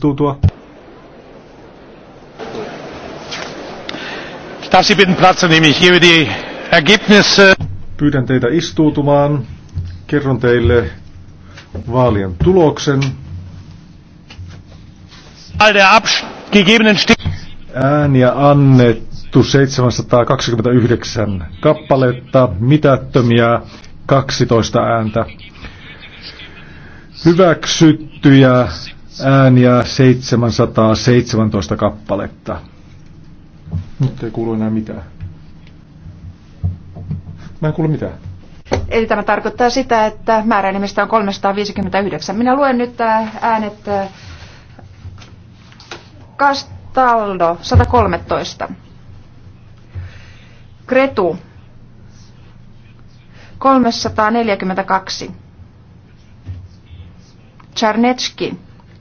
tultua. Ich darf Sie bitten Platz nehmen. Pyydän teitä istuutumaan. Kerron teille vaalien tuloksen. All der abgegebenen Ääniä annettu 729 kappaletta, mitättömiä 12 ääntä. Hyväksyttyjä ääniä 717 kappaletta. Nyt ei kuulu enää mitään. Mä en kuulu mitään. Eli tämä tarkoittaa sitä, että määräenemmistö on 359. Minä luen nyt äh, äänet äh, Castaldo 113. Kretu 342. Czarnecki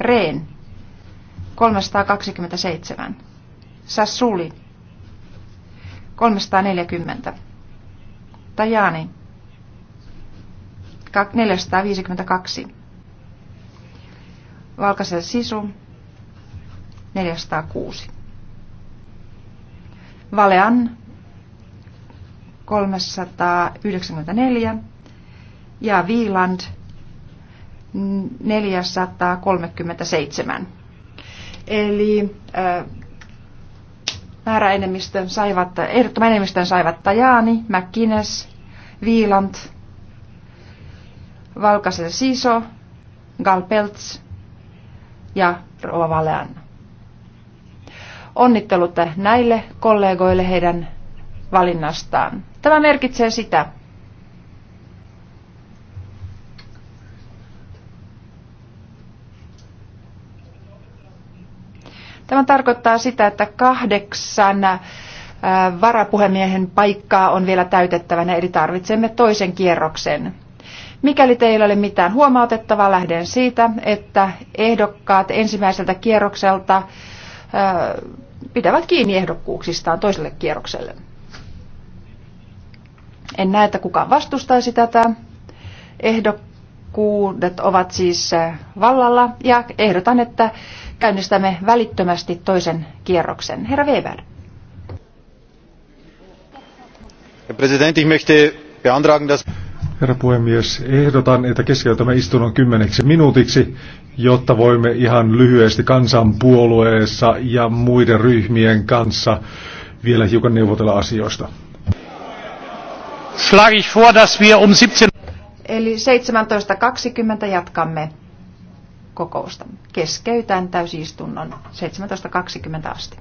Reen 327. Sassuli 340. Tajani 452. Valkaisen Sisu 406. Valean 394 ja Viiland 437. Eli määräenemmistön saivat, ehdottoman enemmistön saivat Tajani, McGuinness, Viiland, Valkasen Siso, Galpelts ja Rovalean. Onnittelut näille kollegoille heidän valinnastaan. Tämä merkitsee sitä, Tämä tarkoittaa sitä, että kahdeksan äh, varapuhemiehen paikkaa on vielä täytettävänä, eli tarvitsemme toisen kierroksen. Mikäli teillä ei ole mitään huomautettavaa, lähden siitä, että ehdokkaat ensimmäiseltä kierrokselta äh, pitävät kiinni ehdokkuuksistaan toiselle kierrokselle. En näe, että kukaan vastustaisi tätä. Ehdok- kuudet ovat siis äh, vallalla ja ehdotan, että käynnistämme välittömästi toisen kierroksen. Herra Weber. Herra puhemies, ehdotan, että keskeytämme istunnon kymmeneksi minuutiksi, jotta voimme ihan lyhyesti kansanpuolueessa ja muiden ryhmien kanssa vielä hiukan neuvotella asioista. Schlage ich vor, dass wir um 17 Eli 17.20 jatkamme kokousta. Keskeytän täysistunnon 17.20 asti.